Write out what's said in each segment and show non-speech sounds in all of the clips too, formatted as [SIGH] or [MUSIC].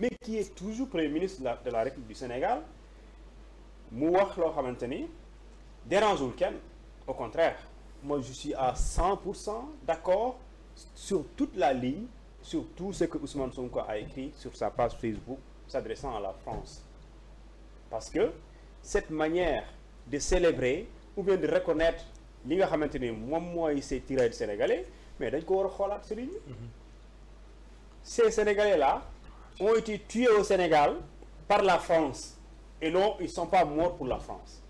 mais qui est toujours premier ministre de la République du Sénégal wax dérange au contraire moi je suis à 100 d'accord sur toute la ligne sur tout ce que Ousmane Sonko a écrit sur sa page Facebook s'adressant à la France parce que cette manière de célébrer ou bien de reconnaître li nga moi moi il s'est tiré du sénégalais mais d'accord, ko mm-hmm. ces sénégalais là ont été tués au Sénégal par la France. Et non, ils ne sont pas morts pour la France.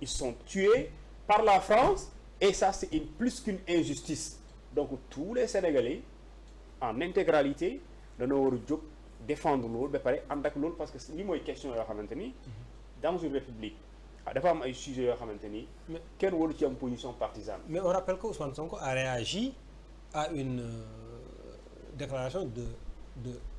Ils sont tués par la France et ça, c'est plus qu'une injustice. Donc, tous les Sénégalais, en intégralité, devraient défendre l'eau, parce que c'est une question de dans une république ah, dafa am ay sujets yoo xamante ni waru ci am position partisane mais on rappelle que Ousmane Sonko a réagi à une euh, déclaration de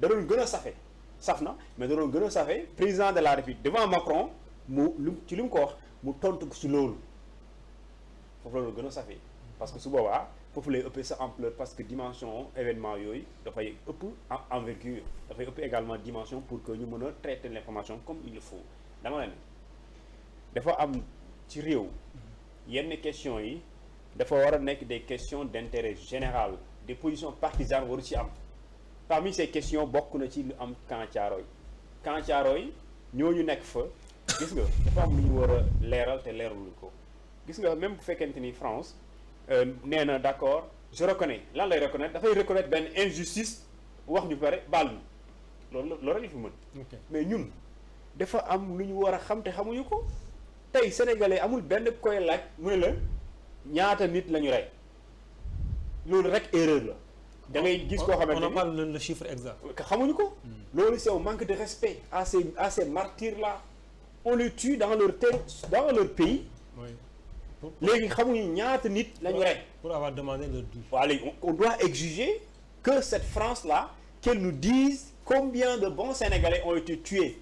daron doon safé safna ça mais daron doon safé président de la république devant Macron mu ci lim ko wax mu tontu ci si loolu foofu la safé parce que su boobaa foofu lay ëppee sa ampleur parce que dimension événement un peu ëpp envergure il également dimension pour que ñu mën traitent traiter comme il faut dama leen dafa am ci réew yenn question yi dafa a des questions d'intérêt général des positions partisanes waru ci am parmi ces questions bokk na ci lu am Camp Thiaroye Camp Thiaroye ñooñu nekk fa gis nga dafa am lu ñu war a leeral te leeraluñ ko gis nga même bu fekkente ni France euh, nee na d'accord je reconnais lan lay reconnaître dafay reconnaître ben injustice wax ñu pare baal ñu loolu loolu la fi mën mais ñun dafa am lu ñu war a xam te xamuñu ko tey sénégalais amul ben koy laaj mu ne la ñaata nit la ñu rey loolu rek erreur la on n'a pas le chiffre exact. On c'est un manque de respect à ces à ces martyrs là on les tue dans leur dans leur pays. pour avoir demandé leur on doit exiger que cette France là qu'elle nous dise combien de bons Sénégalais ont été tués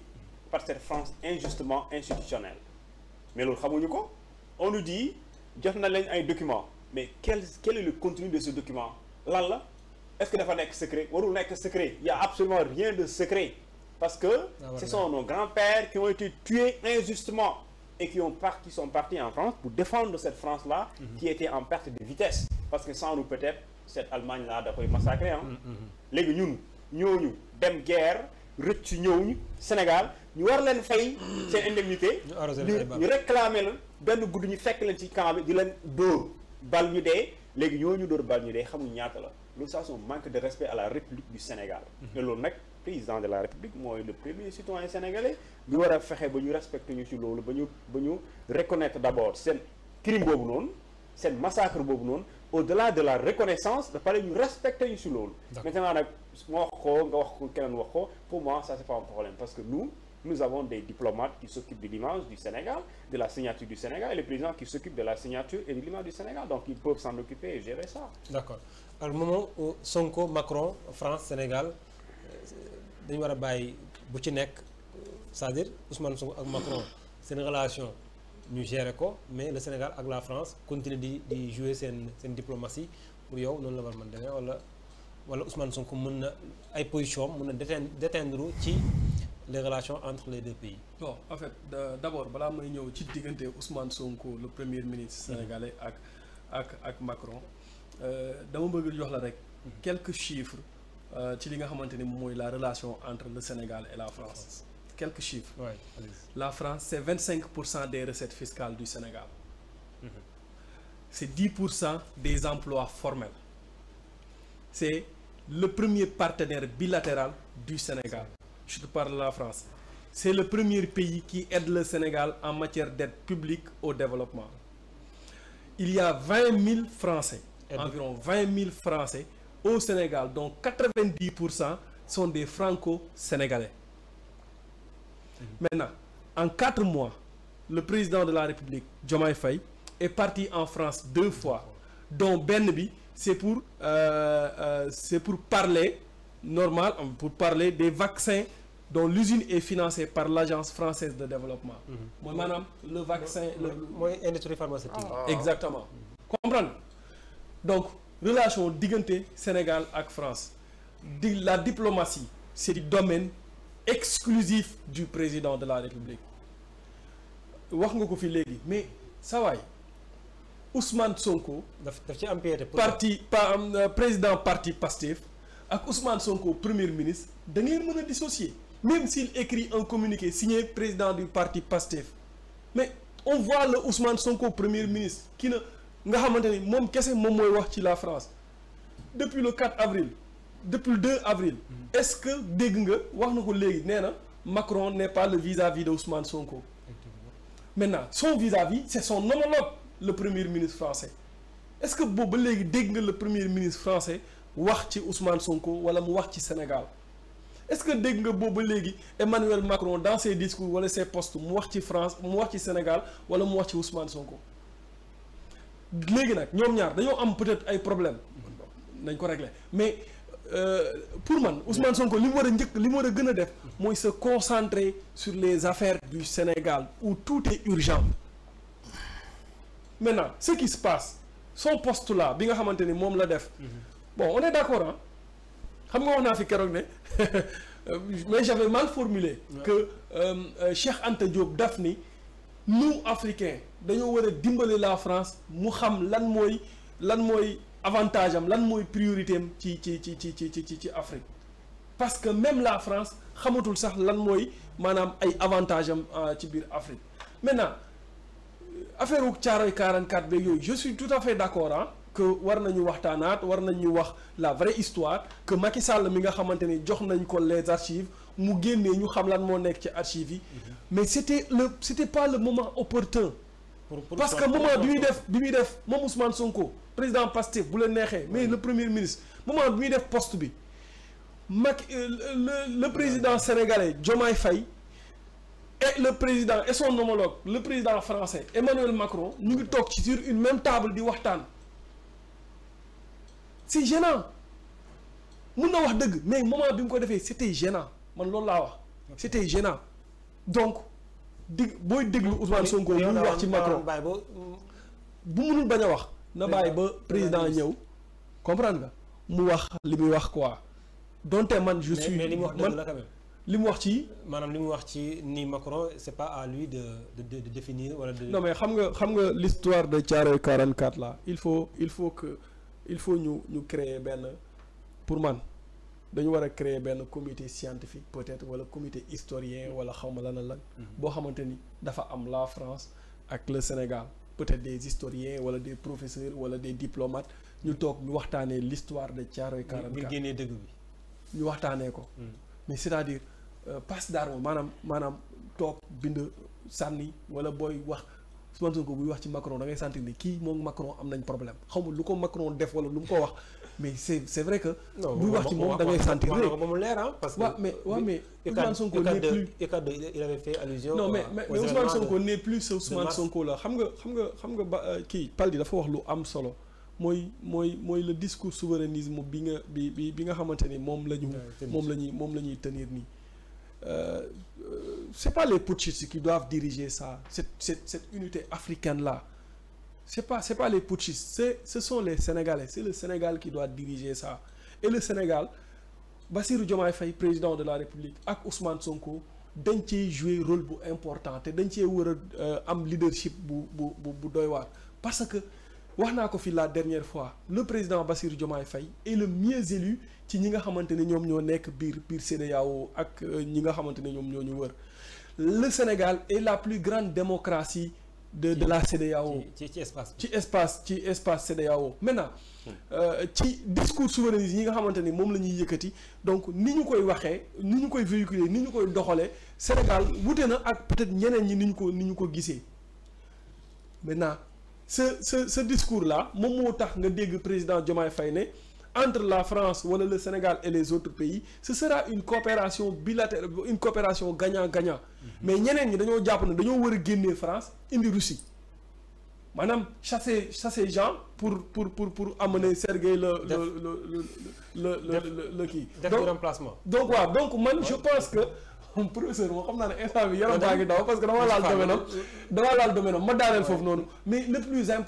par cette France injustement institutionnelle mais le on nous dit il y a un document. mais quel quel est le contenu de ce document là est-ce que dafa secret secret il n'y a absolument rien de secret parce que ah, ce sont nos grands-pères qui ont été tués injustement et qui ont sont partis en France pour défendre cette France-là mhm. qui était en perte de vitesse parce que sans nous peut-être cette Allemagne-là a massacrer nous, hein. nous mm, mm, mm. ñun guerre nous Sénégal nous war fay indemnité ñu réclamer nous, Nous ñu fekk leen les gens ne bal pas day xamul la manque de respect à la république du Sénégal mhm. te loolu le président de la république moi le premier citoyen sénégalais bi war a fexe respecter ñu respecté ñu ci reconnaître d'abord ce crime ce massacre au-delà de la reconnaissance de pare ñu respecter ñu ci maintenant pour moi ça c'est pas un problème parce que nous nous avons des diplomates qui s'occupent de l'image du Sénégal, de la signature du Sénégal, et le président qui s'occupe de la signature et de l'image du Sénégal. Donc, ils peuvent s'en occuper et gérer ça. D'accord. Alors, le moment où Sonko, Macron, France, Sénégal, euh, dañu war a bu ci c'est-à-dire Ousmane Sonko et Macron une relation ñu gérer ko mais le Sénégal avec la France continue de jouer cette diplomatie pour yow non la war mën voilà wala wala Ousmane Sonko mën ay position mën déteindre ci les relations entre les deux pays. bon en fait d'abord je Ousmane Sonko le premier ministre mhm. sénégalais avec Macron euh, Je mhm. quelques chiffres euh, la relation entre le Sénégal et la France quelques chiffres. la France c'est 25 des recettes fiscales du Sénégal. Mhm. c'est 10 des emplois formels. c'est le premier partenaire bilatéral du Sénégal je te parle de la France. C'est le premier pays qui aide le Sénégal en matière d'aide publique au développement. Il y a 20 000 Français, eh ben. environ 20 000 Français au Sénégal, dont 90% sont des Franco-Sénégalais. Mm-hmm. Maintenant, en quatre mois, le président de la République, Jomai Faye, est parti en France deux fois, dont Benbi, c'est pour, euh, euh, pour parler normal hein, pour parler des vaccins dont l'usine est financée par l'agence française de développement. Mhm. Moi, madame, le vaccin. le industrie pharmaceutique. Ah. exactement. comprendre donc relation dignité Sénégal avec France la diplomatie c'est le domaine exclusif du président de la République wax nga mais ça va, Ousmane Sonko. parti euh, président parti pastif avec Ousmane Sonko premier ministre da ngeen dissocier même s'il écrit un communiqué signé président du parti PASTEF mais on voit le Ousmane Sonko premier ministre qui ne... nga ce qu'il a la France depuis le 4 avril depuis le 2 avril mm. est-ce que Macron n'est pas le vis-à-vis d'Ousmane Sonko maintenant son vis-à-vis c'est son homologue le premier ministre français est-ce que vous Légui le premier ministre français Ouachi Ousmane Sonko ou mu Sénégal est-ce que vous nga Emmanuel Macron dans ses discours wala ses postes mu France mu Sénégal ou mu Ousmane Sonko Il y a peut-être un problème mais euh, pour moi, Ousmane Sonko il mu a c'est se concentrer sur les affaires du Sénégal où tout est urgent maintenant ce qui se passe son poste là bi nga xamante ni fait, la def mhm bon on est d'accord hein xam nga wax naa [LAUGHS] mais j'avais mal formulé que euh, euh, Cheikh Anta Diop nous africains nous voulons dimbalé dimbali la France nous savons lan moy lan mooy avantage am lan moy priorité Afrique parce que même la France nous sax lan moy manam ay avantage am euh, ci Afrique maintenant affaire wu caaroy 44 b je suis tout à fait d'accord hein que war nañu waxtaanaat war nañu wax la vraie histoire que Macky Sall mi nga xamanteni ni jox nañ ko les archives mu génné ñu xam lan ci archives mhm. mais c'était le c'était pas le moment opportun. parce que moment bi def bi def mom Ousmane Sonko président pastif, bu le mais le premier ministre moment bi def poste bi euh, le président sénégalais Diomaye Faye et le président et son homologue le président français Emmanuel Macron nous ngi toog ci sur une même table di waxtaan c'est gênant Nous n'avons wax dëgg mais moment bi mu ko defee c'était gênant man loolu wax c'était gênant donc di booy déglu Ousmane Sonko muy wax ci Macron bu mënul bañ a wax na bàyyi ba président ñëw comprendre nga mu wax li wax quoi donte man je suis Madame, madame wax ni Macron c'est pas à lui de de définir non mais xam nga l'histoire de Thiaroye 44 là il faut il faut que il faut ñu créer pour moi, dañu créer comité scientifique peut-être un comité historien wala xaw ma lan lan. Mhm. boo la France et le Sénégal peut-être des historiens wala des professeurs wala des diplomates nous devons ñu l'histoire de Thiaroye 44 mhm. mais c'est-à-dire. Euh, passe d'armes maanaam maanaam toog bind sànni wala booy wax Ousmane Sonko buy wax ci Macron da ngay sentir kii moom Macron am nañ problème xamul lu ko Macron def wala lu mu ko wax mais c'est c'est vrai que. buy wax ci moom da ngay sentir ne moom leer ah. parce que waaw mais waaw mais. Ousmane Sonko n'est plus il avait fait allusion. non mais mais Ousmane Sonko n'est plus ce Ousmane Sonko la xam nga xam nga xam nga ba euh, kii Paldi dafa wax lu am solo. mooy mooy mooy le discours souverainisme bi nga bi bi bi nga xamante ni moom la ñu. moom la ñuy moom la ñuy tenir nii. ce euh, euh, c'est pas les putschistes qui doivent diriger ça, cette, cette, unité africaine-là. Ce n'est pas, pas les putschistes, ce sont les Sénégalais. C'est le Sénégal qui doit diriger ça. Et le Sénégal, Bassirou Diomaye Faye, président de la République, avec Ousmane Sonko, ils ciy un rôle important ils ont un leadership bu bu parce que wax ko fi la dernière fois le président Bassir Diomaye Faye est le mieux élu ci ñi nga xamante ne ñoom ñoo nekk biir e e ak euh, ñi nga xamante ne ñoo ñu wër le Sénégal est la plus grande démocratie de de la CEDEAO ci e ci espace ci espace ci espace CEDEAO maintenant euh, ci discours souverainiste yi nga xamante ni moom la donc ni ñu koy waxee ni ñu koy véhiculer ni ñu koy doxalee Sénégal wute na ak peut-être ñeneen ñi ni ñu ko ni ko gisee maintenant ce ce ce discours là moom moo tax nga président Diomaye Faye entre la France wala le Sénégal et les autres pays ce sera une coopération bilatérale une coopération gagnant-gagnant mhm. mais ñeneen ñi dañoo jàpp ne dañoo war a génnee France indi Russie maanaam chasser chasser Jean pour pour pour pour amener Sergueï le le le le le le le qui. Donc, remplacement donc waaw donc man je pense que. moom professeur moom xam naa ne instant bi yaram baa ngi parce que dama laal domaine dama laal domaine ma daaneel foofu noonu mais le plus important